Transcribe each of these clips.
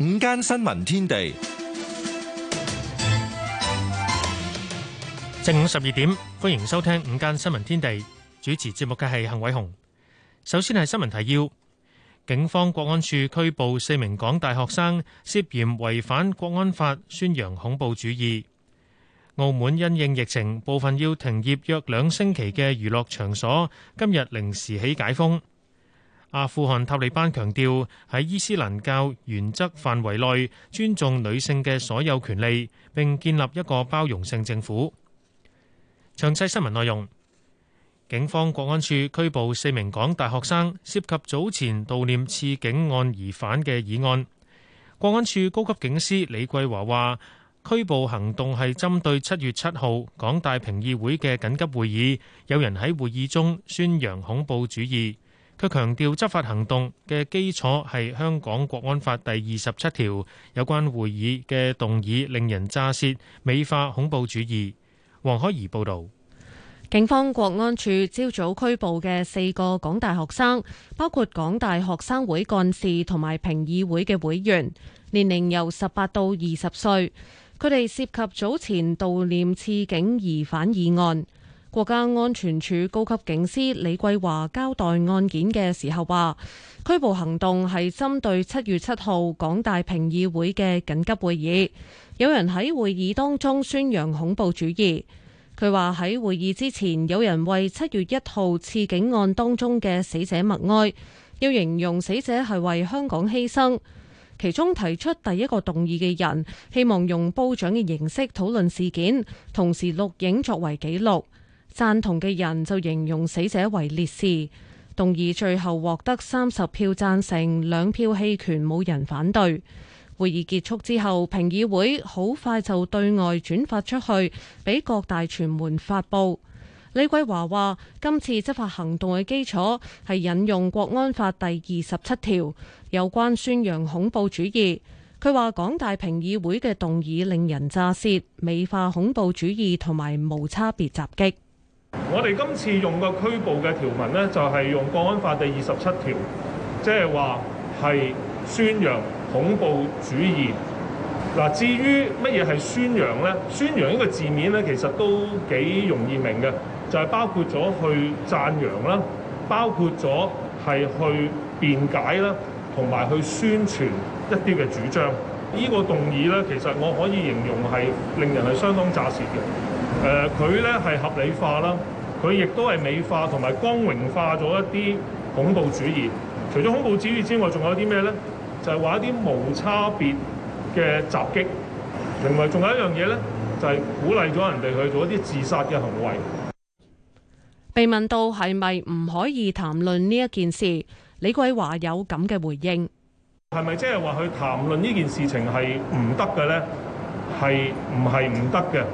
午間新聞天地正午十二點，歡迎收聽午間新聞天地。主持節目嘅係幸偉雄。首先係新聞提要：警方國安處拘捕四名港大學生，涉嫌違反國安法，宣揚恐怖主義。澳門因應疫情，部分要停業約兩星期嘅娛樂場所，今日零時起解封。阿富汗塔利班強調喺伊斯蘭教原則範圍內尊重女性嘅所有權利，並建立一個包容性政府。詳細新聞內容：警方國安處拘捕四名港大學生，涉及早前悼念刺警案疑犯嘅議案。國安處高級警司李桂華話：拘捕行動係針對七月七號港大評議會嘅緊急會議，有人喺會議中宣揚恐怖主義。佢強調執法行動嘅基礎係香港國安法第二十七條，有關會議嘅動議令人咋舌，美化恐怖主義。黃海怡報導，警方國安處朝早拘捕嘅四個港大學生，包括港大學生會幹事同埋評議會嘅會員，年齡由十八到二十歲。佢哋涉及早前悼念刺警疑犯議案。國家安全處高級警司李桂華交代案件嘅時候話，拘捕行動係針對七月七號港大評議會嘅緊急會議，有人喺會議當中宣揚恐怖主義。佢話喺會議之前，有人為七月一號刺警案當中嘅死者默哀，要形容死者係為香港犧牲。其中提出第一個動議嘅人，希望用褒獎嘅形式討論事件，同時錄影作為記錄。贊同嘅人就形容死者為烈士，動議最後獲得三十票贊成，兩票棄權，冇人反對。會議結束之後，評議會好快就對外轉發出去，俾各大傳媒發佈。李桂華話：今次執法行動嘅基礎係引用國安法第二十七條，有關宣揚恐怖主義。佢話：港大評議會嘅動議令人咋舌，美化恐怖主義同埋無差別襲擊。我哋今次用個拘捕嘅條文呢，就係、是、用國安法第二十七條，即係話係宣揚恐怖主義。嗱，至於乜嘢係宣揚呢？宣揚呢個字面呢，其實都幾容易明嘅，就係、是、包括咗去讚揚啦，包括咗係去辯解啦，同埋去宣傳一啲嘅主張。呢、這個動議呢，其實我可以形容係令人係相當扎舌嘅。誒佢咧係合理化啦，佢亦都係美化同埋光榮化咗一啲恐怖主義。除咗恐怖主義之外，仲有啲咩咧？就係話一啲無差別嘅襲擊，同埋仲有一樣嘢咧，就係鼓勵咗人哋去做一啲自殺嘅行為。被問到係咪唔可以談論呢一件事，李桂華有咁嘅回應：係咪即係話佢談論呢件事情係唔得嘅咧？係唔係唔得嘅？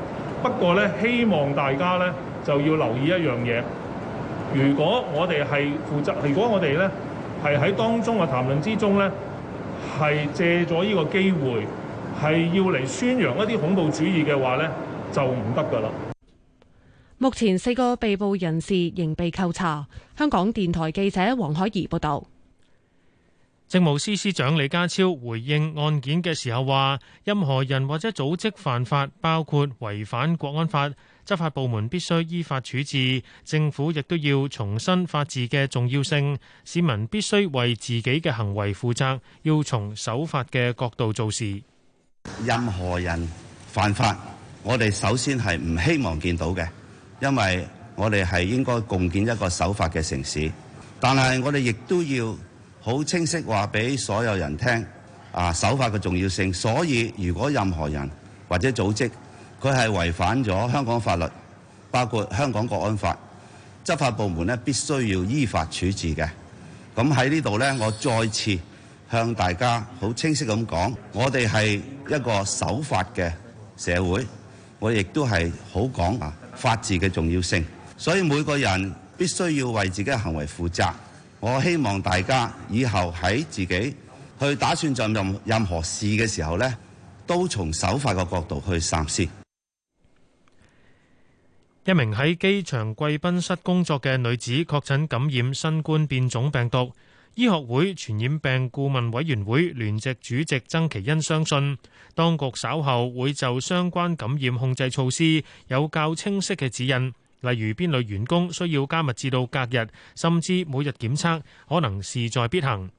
不過咧，希望大家咧就要留意一樣嘢。如果我哋係負責，如果我哋咧係喺當中嘅談論之中咧，係借咗呢個機會係要嚟宣揚一啲恐怖主義嘅話咧，就唔得㗎喇。目前四個被捕人士仍被扣查。香港電台記者黃海怡報道。政務司司長李家超回應案件嘅時候話：任何人或者組織犯法，包括違反國安法，執法部門必須依法處置。政府亦都要重申法治嘅重要性，市民必須為自己嘅行為負責，要從守法嘅角度做事。任何人犯法，我哋首先係唔希望見到嘅，因為我哋係應該共建一個守法嘅城市。但係我哋亦都要。好清晰話俾所有人聽，啊守法嘅重要性。所以如果任何人或者組織，佢係違反咗香港法律，包括香港國安法，執法部門呢必須要依法處置嘅。咁喺呢度呢，我再次向大家好清晰咁講，我哋係一個守法嘅社會，我亦都係好講啊法治嘅重要性。所以每個人必須要為自己嘅行為負責。我希望大家以後喺自己去打算做任任何事嘅時候呢都從守法嘅角度去三思。一名喺機場貴賓室工作嘅女子確診感染新冠變種病毒。醫學會傳染病顧問委員會聯席主席曾其恩相信，當局稍後會就相關感染控制措施有較清晰嘅指引。例如邊類員工需要加密至到隔日，甚至每日檢測，可能勢在必行。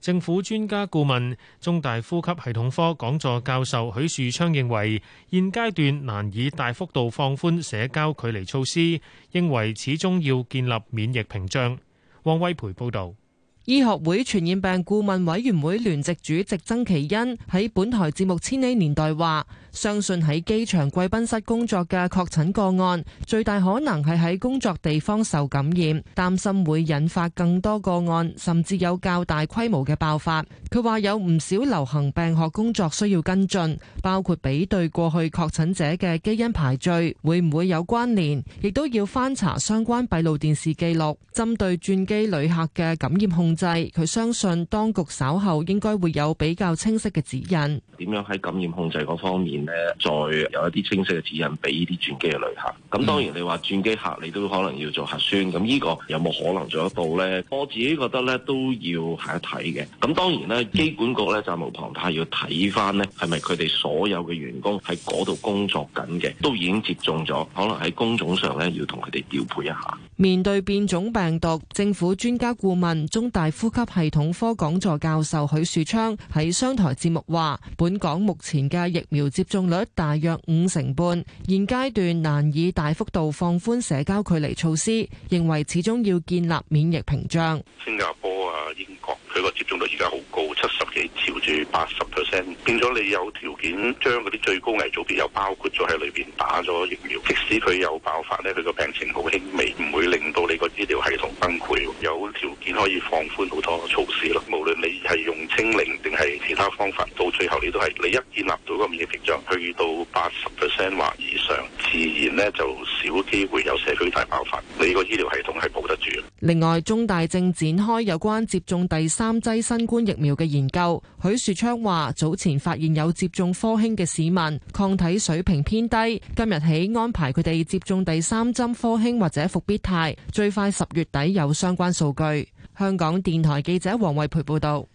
政府專家顧問、中大呼吸系統科講座教授許樹昌認為，現階段難以大幅度放寬社交距離措施，認為始終要建立免疫屏障。汪威培報導，醫學會傳染病顧問委員會聯席主席曾其恩喺本台節目《千禧年代》話。相信喺機場貴賓室工作嘅確診個案，最大可能係喺工作地方受感染，擔心會引發更多個案，甚至有較大規模嘅爆發，佢話有唔少流行病學工作需要跟進，包括比對過去確診者嘅基因排序，會唔會有關聯，亦都要翻查相關閉路電視記錄，針對轉機旅客嘅感染控制。佢相信當局稍後應該會有比較清晰嘅指引，點樣喺感染控制嗰方面？咧再有一啲清晰嘅指引俾呢啲轉機嘅旅客，咁當然你話轉機客，你都可能要做核酸，咁呢個有冇可能做得到咧？我自己覺得咧都要係一睇嘅。咁當然咧，機管局咧責無旁貸要睇翻咧，係咪佢哋所有嘅員工喺嗰度工作緊嘅，都已經接種咗，可能喺工種上咧要同佢哋調配一下。面對變種病毒，政府專家顧問、中大呼吸系統科講座教授許樹昌喺商台節目話：本港目前嘅疫苗接種。用率大約五成半，現階段難以大幅度放寬社交距離措施，認為始終要建立免疫屏障。佢個接種率而家好高，七十幾朝住八十 percent，變咗你有條件將嗰啲最高危組別又包括咗喺裏邊打咗疫苗。即使佢有爆發呢，佢個病情好輕微，唔會令到你個醫療系統崩潰。有條件可以放寬好多措施咯。無論你係用清零定係其他方法，到最後你都係你一建立到個免疫屏障，去到八十 percent 或以上，自然呢就少機會有社區大爆發。你個醫療系統係保得住。另外，中大正展開有關接種第三。三劑新冠疫苗嘅研究，許樹昌話：早前發現有接種科興嘅市民抗體水平偏低，今日起安排佢哋接種第三針科興或者復必泰，最快十月底有相關數據。香港電台記者黃慧培報道。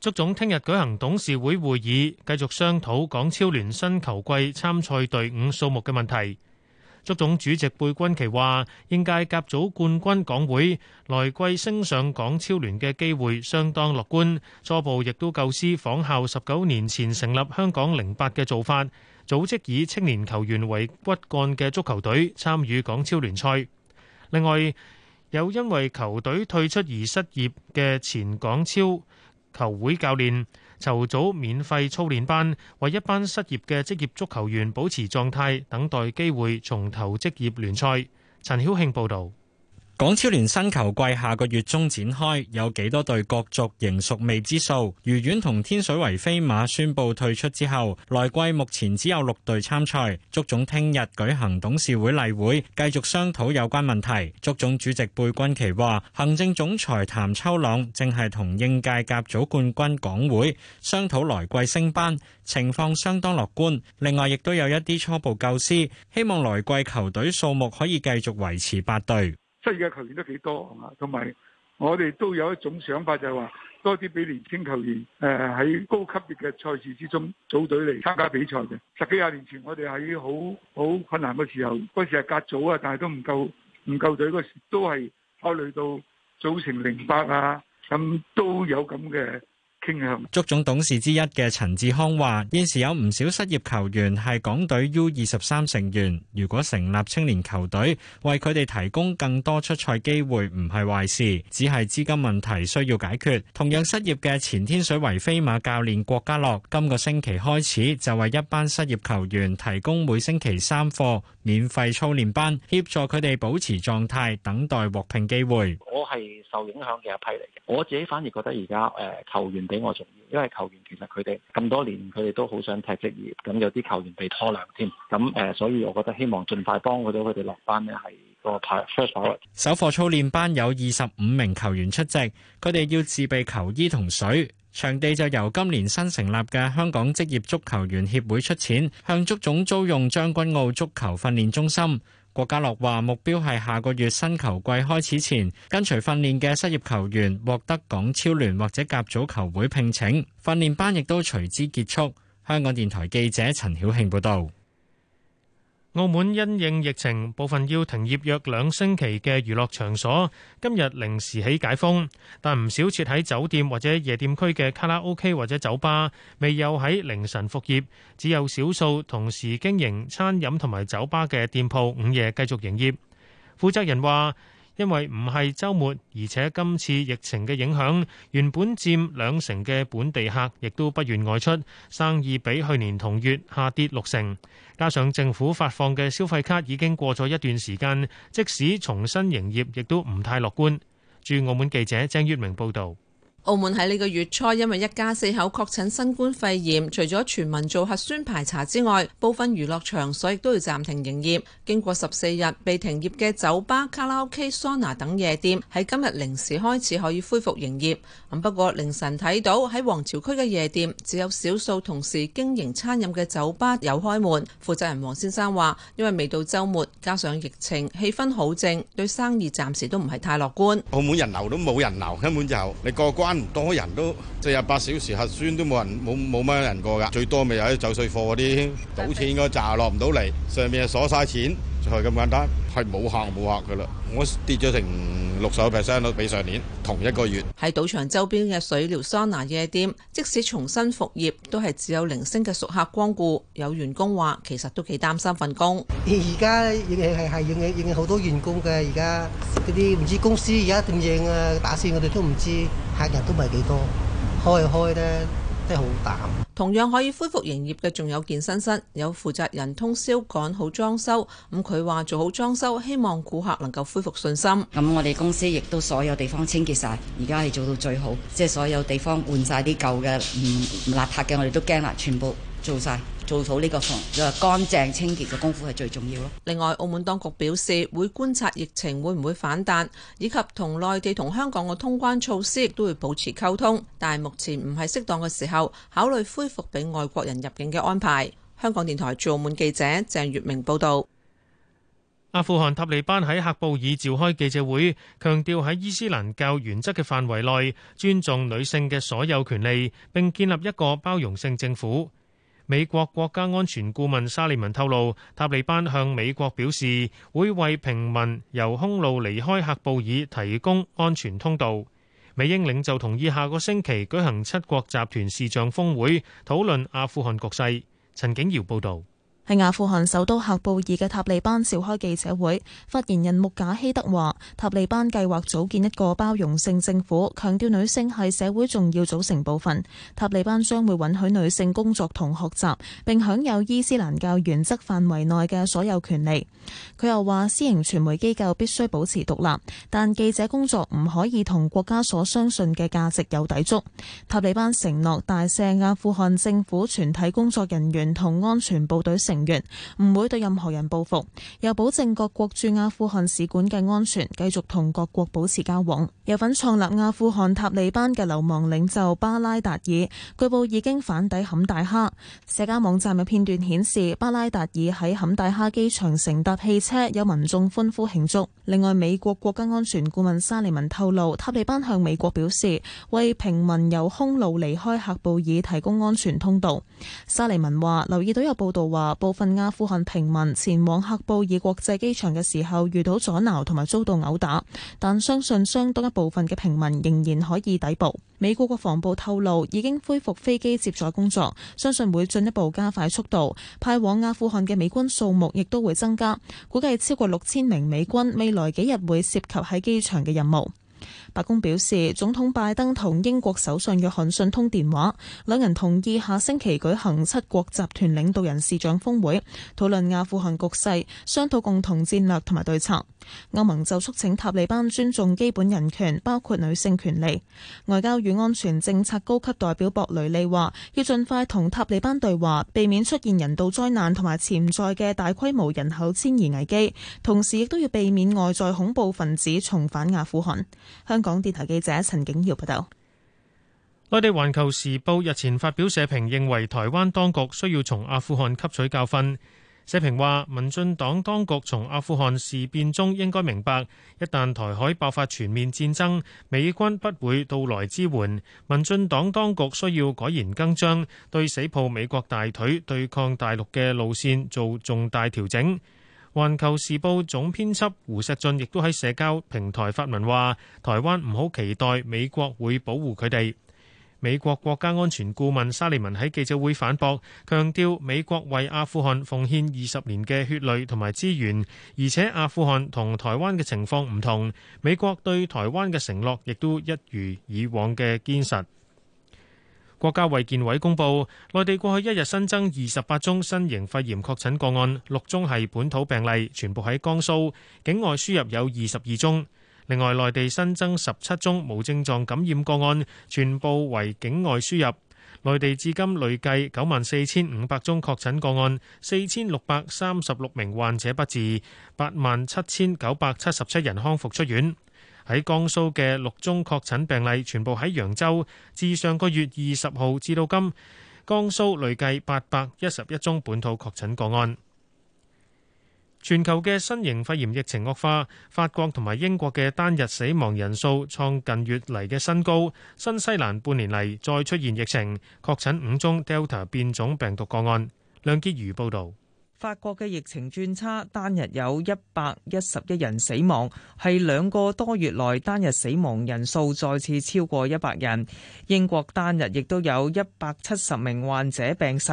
足總聽日舉行董事會會議，繼續商討港超聯新球季參賽隊伍數目嘅問題。足總主席貝鈞奇話：應屆甲組冠軍港會來季升上港超聯嘅機會相當樂觀，初步亦都構思仿效十九年前成立香港零八嘅做法，組織以青年球員為骨幹嘅足球隊參與港超聯賽。另外，有因為球隊退出而失業嘅前港超球會教練。籌組免費操練班，為一班失業嘅職業足球員保持狀態，等待機會重投職業聯賽。陳曉慶報導。港超聯新球季下個月中展開，有幾多隊角逐仍屬未知數。愉園同天水圍飛馬宣布退出之後，來季目前只有六隊參賽。足總聽日舉行董事會例會，繼續商討有關問題。足總主席貝鈞奇話，行政總裁譚秋朗正係同應屆甲組冠軍港會商討來季升班情況，相當樂觀。另外，亦都有一啲初步構思，希望來季球隊數目可以繼續維持八隊。世嘅球員都幾多啊，同埋我哋都有一種想法就，就係話多啲俾年輕球員誒喺、呃、高級別嘅賽事之中組隊嚟參加比賽嘅。十幾廿年前我，我哋喺好好困難嘅時候，嗰時係甲組啊，但係都唔夠唔夠隊，嗰時都係考慮到組成零八啊，咁、嗯、都有咁嘅。足總董事之一嘅陳志康話：現時有唔少失業球員係港隊 U23 成員，如果成立青年球隊，為佢哋提供更多出賽機會，唔係壞事，只係資金問題需要解決。同樣失業嘅前天水圍飛馬教練郭家樂，今個星期開始就為一班失業球員提供每星期三課免費操練班，協助佢哋保持狀態，等待獲聘機會。我係受影響嘅一批嚟嘅，我自己反而覺得而家誒球員哋。比因為球員其實佢哋咁多年，佢哋都好想踢職業，咁有啲球員被拖涼添，咁誒，所以我覺得希望盡快幫到佢哋落班咧，係個排 first hand。首課操練班有二十五名球員出席，佢哋要自備球衣同水，場地就由今年新成立嘅香港職業足球員協會出錢，向足總租用將軍澳足球訓練中心。郭家樂話：目標係下個月新球季開始前，跟隨訓練嘅失業球員獲得港超聯或者甲組球會聘請，訓練班亦都隨之結束。香港電台記者陳曉慶報道。澳門因應疫情，部分要停業約兩星期嘅娛樂場所，今日零時起解封，但唔少設喺酒店或者夜店區嘅卡拉 OK 或者酒吧，未有喺凌晨復業，只有少數同時經營餐飲同埋酒吧嘅店鋪午夜繼續營業。負責人話：因為唔係周末，而且今次疫情嘅影響，原本佔兩成嘅本地客，亦都不願外出，生意比去年同月下跌六成。加上政府發放嘅消費卡已經過咗一段時間，即使重新營業亦都唔太樂觀。駐澳門記者張月明報道。澳門喺呢個月初，因為一家四口確診新冠肺炎，除咗全民做核酸排查之外，部分娛樂場所亦都要暫停營業。經過十四日被停業嘅酒吧、卡拉 OK、桑拿等夜店，喺今日零時開始可以恢復營業。咁不過凌晨睇到喺皇朝區嘅夜店，只有少數同時經營餐飲嘅酒吧有開門。負責人王先生話，因為未到周末，加上疫情，氣氛好靜，對生意暫時都唔係太樂觀。澳門人流都冇人流，根本就你過關。唔多人都，四十八小時核酸都冇人，冇冇乜人過噶，最多咪有啲走水貨嗰啲賭錢嗰個閘落唔到嚟，上面係鎖晒錢。係咁簡單，係冇客冇客噶啦。我跌咗成六十 percent 咯，比上年同一個月。喺賭場周邊嘅水療、桑拿、夜店，即使重新復業，都係只有零星嘅熟客光顧。有員工話，其實都幾擔心份工。而家影影係係影影影好多員工嘅而家嗰啲唔知公司而家定應啊？打算我哋都唔知客人都唔係幾多開開啦。同樣可以恢復營業嘅仲有健身室，有負責人通宵趕好裝修。咁佢話做好裝修，希望顧客能夠恢復信心。咁我哋公司亦都所有地方清潔晒，而家係做到最好，即係所有地方換晒啲舊嘅唔邋遢嘅，我哋都驚啦，全部做晒。做好呢個防、就係乾淨清潔嘅功夫係最重要咯。另外，澳門當局表示會觀察疫情會唔會反彈，以及同內地同香港嘅通關措施亦都會保持溝通。但係目前唔係適當嘅時候，考慮恢復俾外國人入境嘅安排。香港電台駐澳門記者鄭月明報道。阿富汗塔利班喺喀布爾召開記者會，強調喺伊斯蘭教原則嘅範圍內尊重女性嘅所有權利，並建立一個包容性政府。美國國家安全顧問沙利文透露，塔利班向美國表示會為平民由空路離開喀布爾提供安全通道。美英領袖同意下個星期舉行七國集團視像峰會，討論阿富汗局勢。陳景堯報道。喺阿富汗首都喀布爾嘅塔利班召開記者會，發言人穆賈希德話，塔利班計劃組建一個包容性政府，強調女性係社會重要組成部分。塔利班將會允許女性工作同學習，並享有伊斯蘭教原則範圍內嘅所有權利。佢又話，私營傳媒機構必須保持獨立，但記者工作唔可以同國家所相信嘅價值有抵觸。塔利班承諾大赦阿富汗政府全體工作人員同安全部隊成，唔會對任何人報復，又保證各國駐阿富汗使館嘅安全，繼續同各國保持交往。有份創立阿富汗塔利班嘅流亡領袖巴拉達爾，據報已經返抵坎大哈。社交網站嘅片段顯示，巴拉達爾喺坎大哈機場乘搭汽車，有民眾歡呼慶祝。另外，美國國家安全顧問沙利文透露，塔利班向美國表示，為平民由空路離開喀布爾提供安全通道。沙利文話：留意到有報道話。部分阿富汗平民前往喀布爾國際機場嘅時候，遇到阻撓同埋遭到毆打，但相信相當一部分嘅平民仍然可以抵步。美國國防部透露，已經恢復飛機接載工作，相信會進一步加快速度。派往阿富汗嘅美軍數目亦都會增加，估計超過六千名美軍未來幾日會涉及喺機場嘅任務。白宮表示，總統拜登同英國首相約翰遜通電話，兩人同意下星期舉行七國集團領導人視像峰會，討論阿富汗局勢，商討共同戰略同埋對策。歐盟就促請塔利班尊重基本人權，包括女性權利。外交與安全政策高級代表博雷利話，要盡快同塔利班對話，避免出現人道災難同埋潛在嘅大規模人口遷移危機，同時亦都要避免外在恐怖分子重返阿富汗。香港電台記者陳景耀報道。內地環球時報日前發表社評，認為台灣當局需要從阿富汗吸取教訓。社評話：民進黨當局從阿富汗事變中應該明白，一旦台海爆發全面戰爭，美軍不會到來支援。民進黨當局需要改弦更張，對死抱美國大腿對抗大陸嘅路線做重大調整。《環球時報》總編輯胡錫進亦都喺社交平台發文話：台灣唔好期待美國會保護佢哋。美國國家安全顧問沙利文喺記者會反駁，強調美國為阿富汗奉獻二十年嘅血淚同埋資源，而且阿富汗同台灣嘅情況唔同，美國對台灣嘅承諾亦都一如以往嘅堅實。國家衛健委公布，內地過去一日新增二十八宗新型肺炎確診個案，六宗係本土病例，全部喺江蘇，境外輸入有二十二宗。另外，內地新增十七宗無症狀感染個案，全部為境外輸入。內地至今累計九萬四千五百宗確診個案，四千六百三十六名患者不治，八萬七千九百七十七人康復出院。喺江蘇嘅六宗確診病例全部喺揚州。自上個月二十號至到今，江蘇累計八百一十一宗本土確診個案。全球嘅新型肺炎疫情惡化，法國同埋英國嘅單日死亡人數創近月嚟嘅新高，新西蘭半年嚟再出現疫情，確診五宗 Delta 變種病毒個案。梁潔如報道：法國嘅疫情轉差，單日有一百一十一人死亡，係兩個多月內單日死亡人數再次超過一百人。英國單日亦都有一百七十名患者病逝，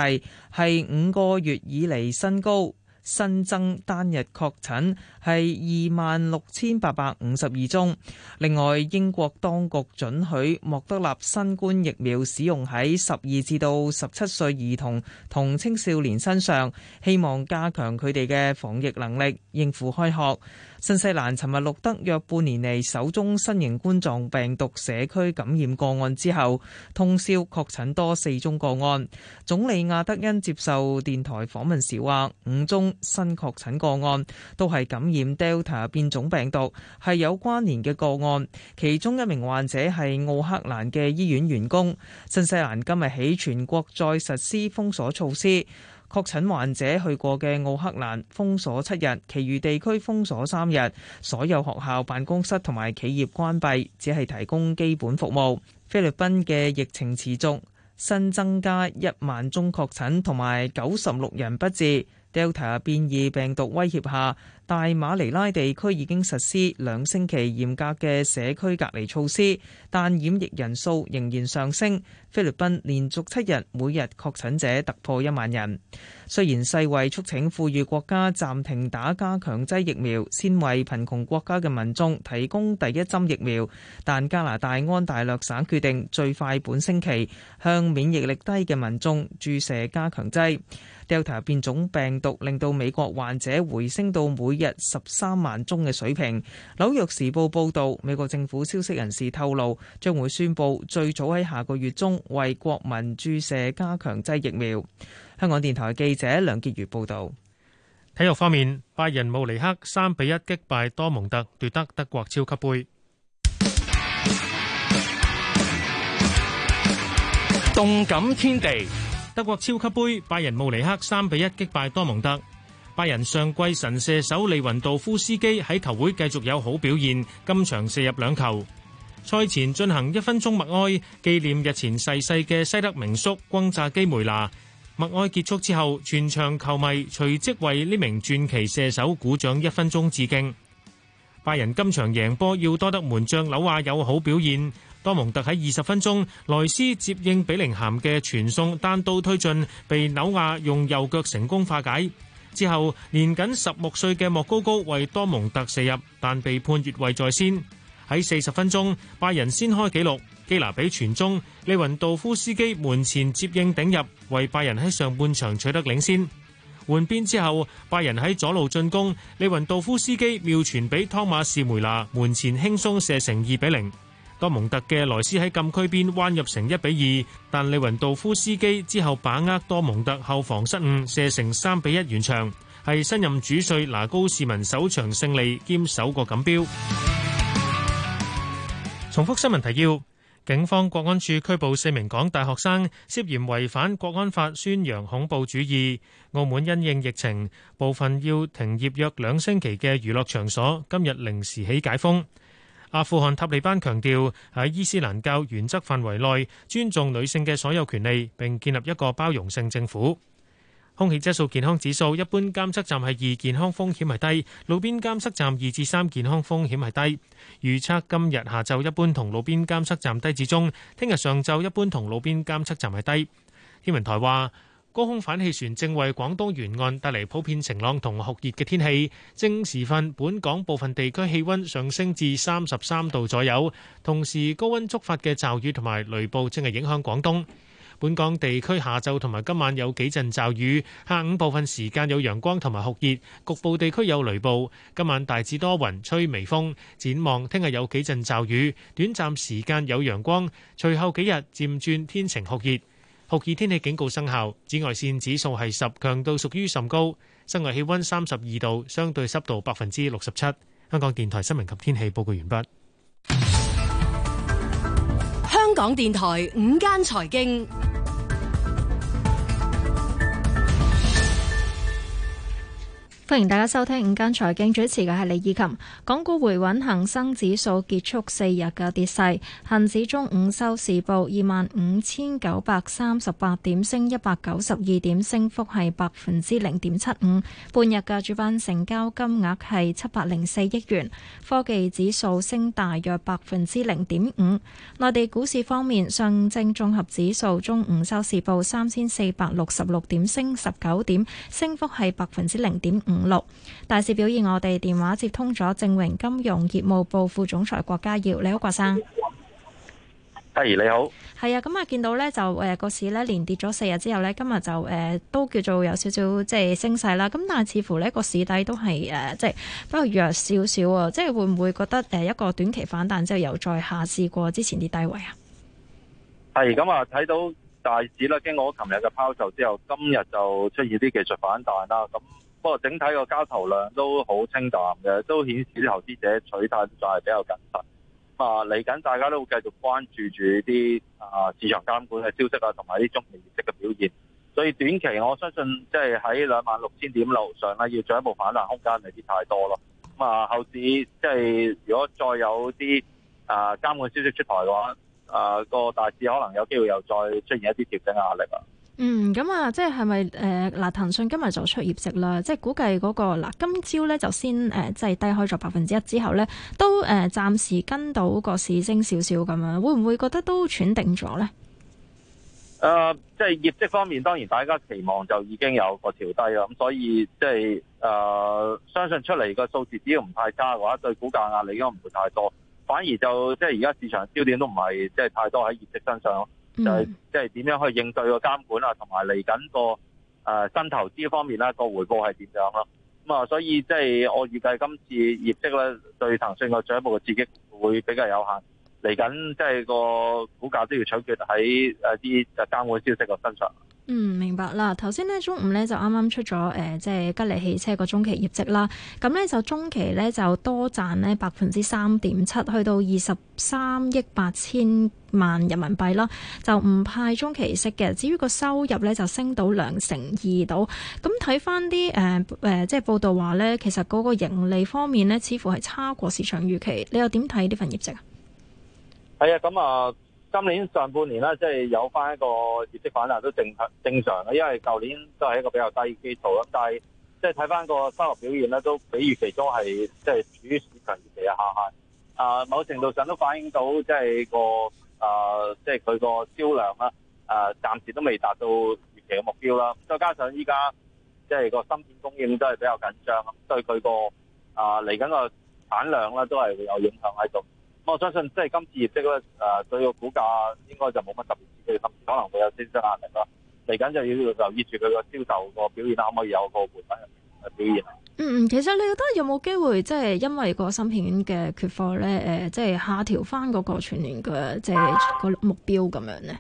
係五個月以嚟新高。新增單日確診係二萬六千八百五十二宗。另外，英國當局准許莫德納新冠疫苗使用喺十二至到十七歲兒童同青少年身上，希望加強佢哋嘅防疫能力，應付開學。新西蘭尋日錄得約半年嚟首宗新型冠狀病毒社區感染個案之後，通宵確診多四宗個案。總理亞德恩接受電台訪問時話：五宗新確診個案都係感染 Delta 變種病毒，係有關聯嘅個案。其中一名患者係奧克蘭嘅醫院員工。新西蘭今日起全國再實施封鎖措施。確診患者去過嘅奧克蘭封鎖七日，其餘地區封鎖三日，所有學校、辦公室同埋企業關閉，只係提供基本服務。菲律賓嘅疫情持續，新增加一萬宗確診，同埋九十六人不治，Delta 變異病毒威脅下。大馬尼拉地區已經實施兩星期嚴格嘅社區隔離措施，但染疫人數仍然上升。菲律賓連續七日每日確診者突破一萬人。雖然世衛促請富裕國家暫停打加強劑疫苗，先為貧窮國家嘅民眾提供第一針疫苗，但加拿大安大略省決定最快本星期向免疫力低嘅民眾注射加強劑。Delta 變種病毒令到美國患者回升到每每日十三萬宗嘅水平。紐約時報報道，美國政府消息人士透露，將會宣布最早喺下個月中為國民注射加強劑疫苗。香港電台記者梁潔如報道。體育方面，拜仁慕尼黑三比一擊敗多蒙特，奪得德國超級杯。動感天地，德國超級杯，拜仁慕尼黑三比一擊敗多蒙特。拜仁上季神射手利雲道夫斯基喺球會繼續有好表現，今場射入兩球。賽前進行一分鐘默哀，紀念日前逝世嘅西德名宿轟炸機梅拿。默哀結束之後，全場球迷隨即為呢名傳奇射手鼓掌一分鐘致敬。拜仁今場贏波要多得門將紐亞有好表現，多蒙特喺二十分鐘，萊斯接應比靈咸嘅傳送單刀推進，被紐亞用右腳成功化解。之後，年僅十六歲嘅莫高高為多蒙特射入，但被判越位在先。喺四十分鐘，拜仁先開紀錄，基拿比傳中，利雲道夫斯基門前接應頂入，為拜仁喺上半場取得領先。換邊之後，拜仁喺左路進攻，利雲道夫斯基妙傳俾湯馬士梅拿，門前輕鬆射成二比零。多蒙特嘅萊斯喺禁區邊彎入成一比二，但利雲道夫斯基之後把握多蒙特後防失誤，射成三比一完場，係新任主帥拿高市民首場勝利兼首個錦標。重複新聞提要：警方國安處拘捕四名港大學生，涉嫌違反國安法宣揚恐怖主義。澳門因應疫情，部分要停業約兩星期嘅娛樂場所今日零時起解封。阿富汗塔利班強調喺伊斯蘭教原則範圍內尊重女性嘅所有權利，並建立一個包容性政府。空氣質素健康指數一般監測站係二，健康風險係低；路邊監測站二至三，健康風險係低。預測今日下晝一般同路邊監測站低至中，聽日上晝一般同路邊監測站係低。天文台話。高空反氣旋正為廣東沿岸帶嚟普遍晴朗同酷熱嘅天氣，正時分本港部分地區氣温上升至三十三度左右，同時高温觸發嘅驟雨同埋雷暴正係影響廣東。本港地區下晝同埋今晚有幾陣驟雨，下午部分時間有陽光同埋酷熱，局部地區有雷暴。今晚大致多雲，吹微風。展望聽日有幾陣驟雨，短暫時間有陽光，隨後幾日漸轉天晴酷熱。酷熱天氣警告生效，紫外線指數係十，強度屬於甚高。室外氣溫三十二度，相對濕度百分之六十七。香港電台新聞及天氣報告完畢。香港電台午間財經。歡迎大家收聽午間財經，主持嘅係李以琴。港股回穩，恒生指數結束四日嘅跌勢，恒指中午收市報二萬五千九百三十八點，升一百九十二點，升幅係百分之零點七五。半日嘅主板成交金額係七百零四億元。科技指數升大約百分之零點五。內地股市方面，上證綜合指數中午收市報三千四百六十六點，升十九點，升幅係百分之零點五。五六大市表現，我哋電話接通咗，正榮金融業務部副總裁郭家耀，你好，郭生。阿怡、hey, 你好。係啊，咁啊，見到咧，就誒個、呃、市咧，連跌咗四日之後咧，今日就誒、呃、都叫做有少少即係升勢啦。咁但係似乎呢個市底都係誒、呃、即係比較弱少少啊。即係會唔會覺得誒一個短期反彈之後又再下試過之前啲低位 hey, 啊？係咁啊，睇到大市啦，經過琴日嘅拋售之後，今日就出現啲技術反彈啦。咁。不過，整體個交投量都好清淡嘅，都顯示啲投資者取態就係比較謹慎。啊，嚟緊大家都會繼續關注住啲啊市場監管嘅消息啊，同埋啲中期業績嘅表現。所以短期我相信，即係喺兩萬六千點樓上咧，要進一步反彈空間未必太多咯。咁啊，後市即係如果再有啲啊監管消息出台嘅話，啊個大市可能有機會又再出現一啲調整壓力啊。嗯，咁啊，即係係咪誒嗱？騰訊今日就出業績啦，即係估計嗰個嗱，今朝咧就先誒即係低開咗百分之一之後咧，都誒暫時跟到個市升少少咁樣，會唔會覺得都喘定咗咧？誒，即係業績方面，當然大家期望就已經有個調低啦，咁所以即係誒，相信出嚟個數字只要唔太差嘅話，對股價壓力應該唔會太多，反而就即係而家市場焦點都唔係即係太多喺業績身上咯。就係即係點樣去應對個監管啊，同埋嚟緊個誒新投資方面啦，個回報係點樣咯？咁啊，所以即係我預計今次業績咧，對騰訊個進一步嘅刺激會比較有限。嚟緊即係個股價都要搶住喺一啲特尖嘅消息個身上。嗯，明白啦。頭先呢，中午呢就啱啱出咗誒、呃，即係吉利汽車個中期業績啦。咁呢，就中期呢就多賺呢百分之三點七，7, 去到二十三億八千萬人民幣啦。就唔派中期息嘅，至於個收入呢，就升到兩成二度。咁睇翻啲誒誒，即係報道話呢，其實嗰個盈利方面呢，似乎係差過市場預期。你又點睇呢份業績啊？係啊，咁啊、mm，今年上半年咧，即係有翻一個業績反彈，都正正常嘅，因為舊年都係一個比較低基數咯。但係即係睇翻個收入表現咧，都比預期中係即係處於市場預期嘅下限。啊，某程度上都反映到即係個啊，即係佢個銷量啦，啊，暫時都未達到預期嘅目標啦。再加上依家即係個芯片供應都係比較緊張，對佢個啊嚟緊個產量咧都係會有影響喺度。我相信即係今次業績咧，誒、呃、對個股價應該就冇乜特別，佢可能會有升升壓力咯。嚟緊就要留意住佢個銷售個表現，可唔可以有個活躍嘅表現？嗯，其實你覺得有冇機會即係因為個芯片嘅缺貨咧？誒、呃，即係下調翻嗰個全年嘅即係個目標咁樣咧？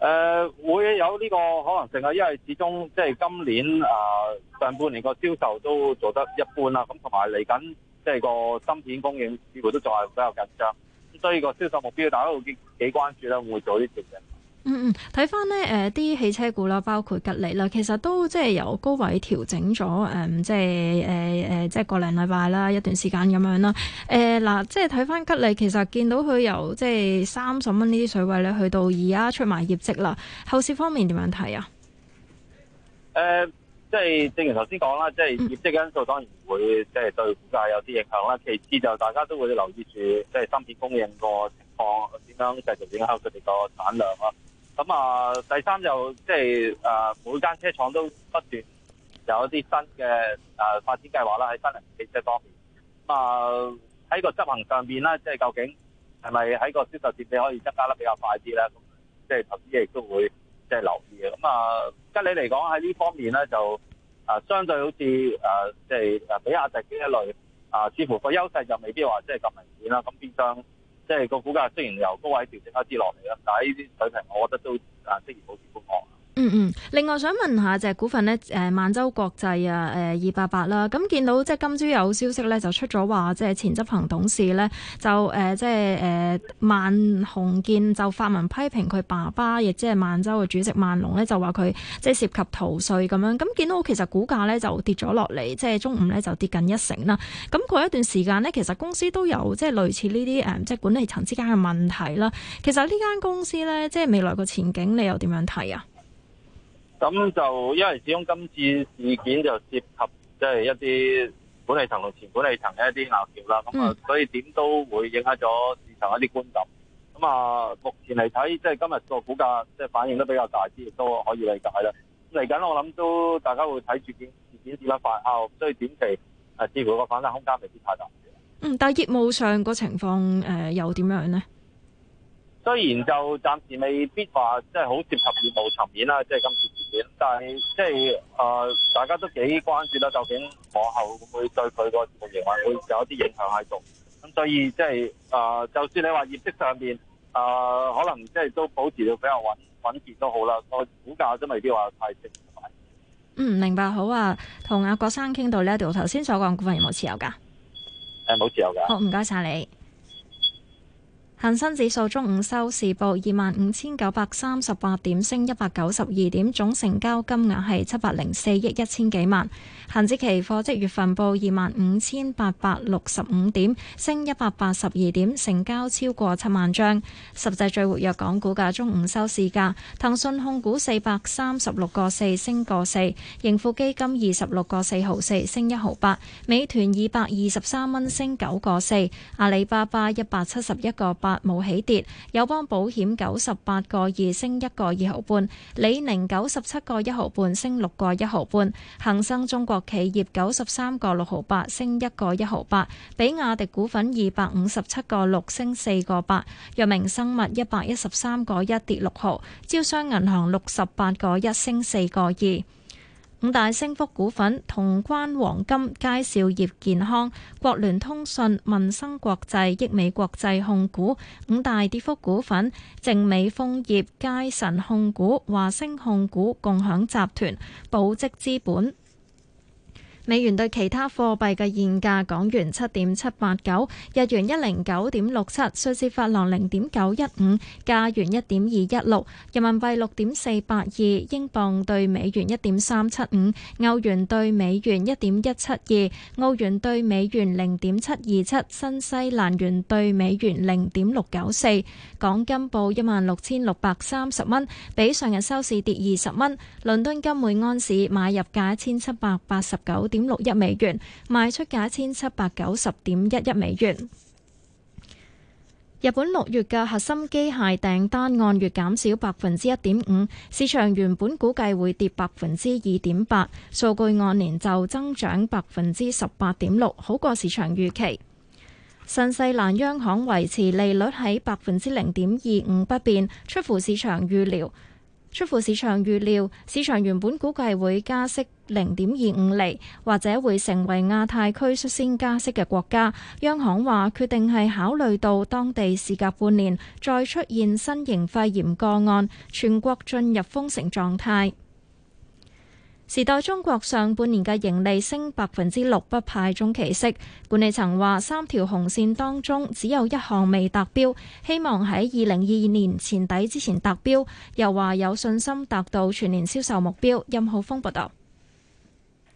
誒、呃，會有呢個可能性啊！因為始終即係今年啊、呃、上半年個銷售都做得一般啦，咁同埋嚟緊。即係個芯片供應似乎都仲係比較緊張，咁所以個銷售目標大家都幾幾關注啦，會做啲調整。嗯嗯，睇翻呢誒，啲、呃、汽車股啦，包括吉利啦，其實都即係由高位調整咗，誒、嗯，即係誒誒，即、呃、係、就是、個零禮拜啦，一段時間咁樣啦。誒，嗱，即係睇翻吉利，其實見到佢由即係三十蚊呢啲水位咧，去到而家出埋業績啦。後市方面點樣睇啊？誒、呃。即係正如頭先講啦，即係業績因素當然會即係對股價有啲影響啦。其次就大家都會留意住即係芯片供應個情況點樣繼續影響佢哋個產量啦。咁啊，第三就即係誒每間車廠都不斷有一啲新嘅誒發展計劃啦，喺新能源汽車方面。咁啊喺個執行上面啦，即係究竟係咪喺個銷售佔比可以增加得比較快啲咧？咁即係投資亦都會。即係留意嘅咁啊，吉利嚟講喺呢方面咧就啊，相對好似啊，即係啊，比亞迪呢一類啊，似乎個優勢就未必話即係咁明顯啦。咁、嗯、變相即係、就是、個股價雖然由高位調整一啲落嚟啦，但係呢啲水平，我覺得都啊，依然保持高昂。嗯嗯，另外想問下隻股份咧，誒、呃，萬洲國際啊，誒、呃，二八八啦。咁見到即係今朝有消息咧，就出咗話，即係前執行董事咧就誒，即係誒萬鴻建就發文批評佢爸爸，亦即係萬洲嘅主席萬隆咧，就話佢即係涉及逃稅咁樣。咁見到其實股價咧就跌咗落嚟，即係中午咧就跌近一成啦。咁過一段時間呢，其實公司都有即係類似呢啲誒，即係管理層之間嘅問題啦。其實呢間公司咧，即係未來個前景，你又點樣睇啊？咁就因為始終今次事件就涉及即係一啲管理層同前管理層嘅一啲拗撬啦，咁啊，所以點都會影響咗市場一啲觀感。咁啊，目前嚟睇，即係今日個股價即係反應都比較大啲，亦都可以理解啦。嚟緊我諗都大家會睇住件事件點樣發酵，所以短期啊，似乎個反彈空間未必太大。嗯，但係業務上個情況誒、呃，又點樣咧？雖然就暫時未必話即係好涉及業務層面啦，即係今次事件，但係即係啊、呃，大家都幾關注啦，究竟往後會對佢個運營會有啲影響喺度。咁所以即係啊、呃，就算你話業績上面啊、呃，可能即係都保持到比較穩穩健都好啦，個股價都未必話太升快。嗯，明白好啊。同阿、啊、郭生傾到呢一度，頭先所講股份有冇持有噶？誒，冇持有噶。好，唔該曬你。恒生指數中午收市報二萬五千九百三十八點，升一百九十二點，總成交金額係七百零四億一千幾萬。恒指期貨即月份報二萬五千八百六十五點，升一百八十二點，成交超過七萬張。十隻最活躍港股嘅中午收市價，騰訊控股四百三十六個四，升個四，盈富基金二十六個四毫四，升一毫八，美團二百二十三蚊，升九個四，阿里巴巴一百七十一個八。冇起跌，友邦保險九十八個二升一個二毫半，李寧九十七個一毫半升六個一毫半，恒生中國企業九十三個六毫八升一個一毫八，比亞迪股份二百五十七個六升四個八，藥明生物一百一十三個一跌六毫，招商銀行六十八個一升四個二。五大升幅股份：同關黃金、佳兆業健康、國聯通訊、民生國際、億美國際控股。五大跌幅股份：正美豐業、佳辰控股、華星控股、共享集團、寶積資本。美元對其他貨幣嘅現價：港元七點七八九，日元一零九點六七，瑞士法郎零點九一五，加元一點二一六，人民幣六點四八二，英鎊對美元一點三七五，歐元對美元一點一七二，澳元對美元零點七二七，新西蘭元對美元零點六九四。港金報一萬六千六百三十蚊，比上日收市跌二十蚊。倫敦金每安士買入價一千七百八十九點點六一美元賣出價一千七百九十點一一美元。日本六月嘅核心機械訂單按月減少百分之一點五，市場原本估計會跌百分之二點八，數據按年就增長百分之十八點六，好過市場預期。新西蘭央行維持利率喺百分之零點二五不變，出乎市場預料。出乎市場預料，市場原本估計會加息零點二五厘，或者會成為亞太區率先加息嘅國家。央行話決定係考慮到當地事隔半年再出現新型肺炎個案，全國進入封城狀態。時代中國上半年嘅盈利升百分之六，不派中期息。管理層話三條紅線當中只有一項未達標，希望喺二零二二年底前底之前達標。又話有信心達到全年銷售目標。任浩峰報道。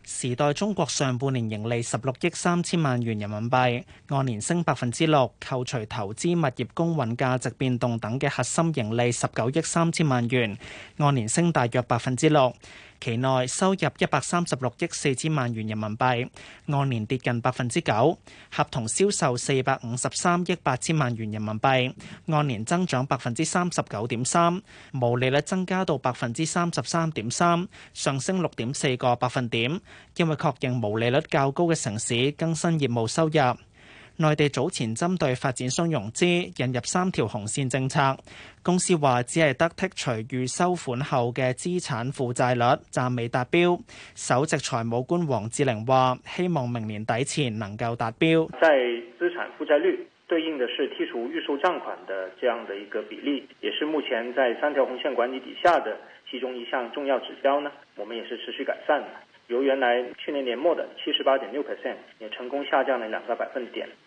時代中國上半年盈利十六億三千萬元人民幣，按年升百分之六，扣除投資物業公允價值變動等嘅核心盈利十九億三千萬元，按年升大約百分之六。期內收入一百三十六億四千萬元人民幣，按年跌近百分之九，合同銷售四百五十三億八千萬元人民幣，按年增長百分之三十九點三，毛利率增加到百分之三十三點三，上升六點四個百分點，因為確認毛利率較高嘅城市更新業務收入。內地早前針對發展商融資引入三條紅線政策，公司話只係得剔除預收款後嘅資產負債率暫未達標。首席財務官黃志玲話：希望明年底前能夠達標。在資產負債率對應嘅是剔除預收帳款的這樣的一個比例，也是目前在三條紅線管理底下的其中一項重要指標呢。我們也是持續改善，由原來去年年末的七十八點六 percent 也成功下降了兩個百分點。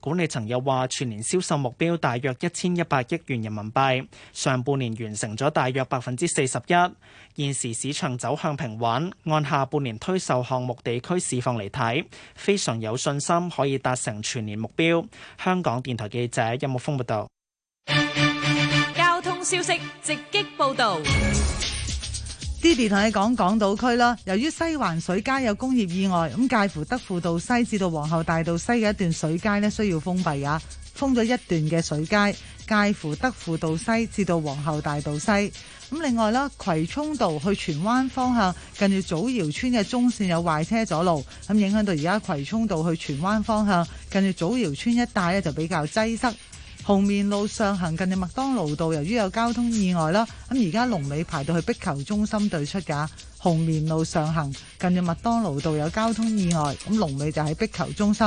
管理層又話，全年銷售目標大約一千一百億元人民幣，上半年完成咗大約百分之四十一。現時市場走向平穩，按下半年推售項目地區市況嚟睇，非常有信心可以達成全年目標。香港電台記者任木峰報道。交通消息直擊報道。Didi 同你講港島區啦，由於西環水街有工業意外，咁介乎德輔道西至到皇后大道西嘅一段水街呢，需要封閉啊，封咗一段嘅水街，介乎德輔道西至到皇后大道西。咁另外啦，葵涌道去荃灣方向近住祖堯村嘅中線有壞車阻路，咁影響到而家葵涌道去荃灣方向近住祖堯村一帶咧就比較擠塞。紅棉路上行近住麥當勞道，由於有交通意外啦，咁而家龍尾排到去壁球中心對出噶。紅棉路上行近住麥當勞道有交通意外，咁龍尾就喺壁球中心。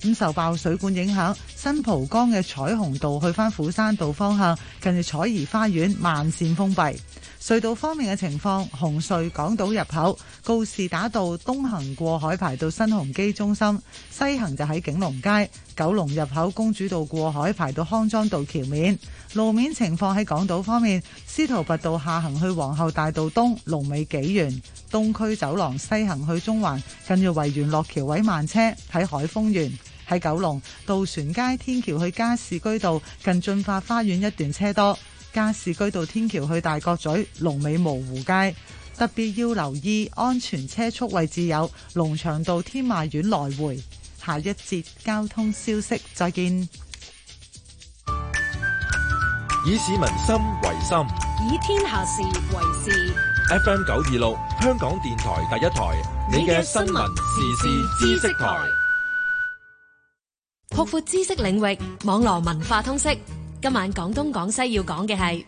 咁受爆水管影響，新蒲崗嘅彩虹道去翻斧山道方向近，近住彩頤花園慢綫封閉。隧道方面嘅情況，紅隧港島入口告士打道東行過海排到新鴻基中心，西行就喺景隆街；九龍入口公主道過海排到康莊道橋面。路面情況喺港島方面，司徒拔道下行去皇后大道東龍尾幾遠；東區走廊西行去中環，近住維園落橋位慢車；喺海豐園喺九龍渡船街天橋去加士居道近駿發花園一段車多。加士居道天橋去大角咀，龍尾蕪湖街，特別要留意安全車速位置有龍翔道天馬苑來回。下一節交通消息，再見。以市民心為心，以天下事為事。FM 九二六，M、26，香港電台第一台，你嘅新聞時事知識台，擴闊知識領域，網絡文化通識。今晚廣東廣西要講嘅係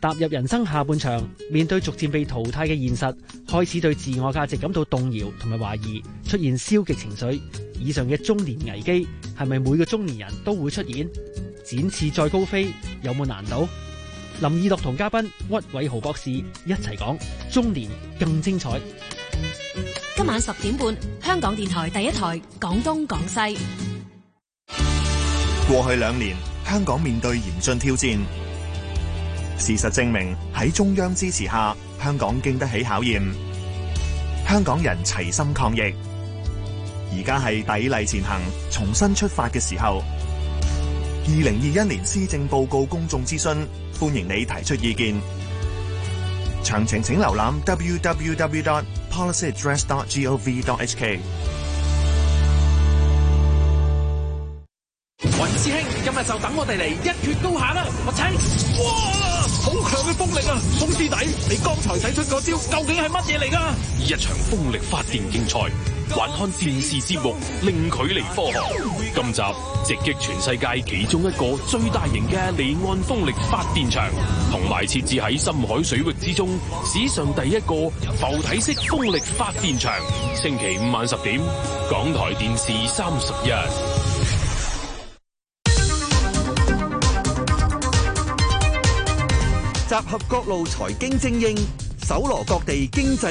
踏入人生下半場，面對逐漸被淘汰嘅現實，開始對自我價值感到動搖同埋懷疑，出現消極情緒。以上嘅中年危機係咪每個中年人都會出現？展翅再高飛有冇難度？林義樂同嘉賓屈偉豪博士一齊講中年更精彩。今晚十點半，香港電台第一台廣東廣西。過去兩年。香港面對嚴峻挑戰，事實證明喺中央支持下，香港經得起考驗。香港人齊心抗疫，而家係砥礪前行，重新出發嘅時候。二零二一年施政報告公眾諮詢，歡迎你提出意見。詳情請瀏覽 www.policyaddress.gov.hk。嚟一決高下啦！我請，哇，好強嘅風力啊！風師弟，你剛才使出嗰招究竟係乜嘢嚟噶？一場風力發電競賽，還看電視節目，零距離科學。今集直擊全世界其中一個最大型嘅離岸風力發電場，同埋設置喺深海水域之中，史上第一個浮體式風力發電場。星期五晚十點，港台電視三十一。集合各路財經精英，搜羅各地經濟。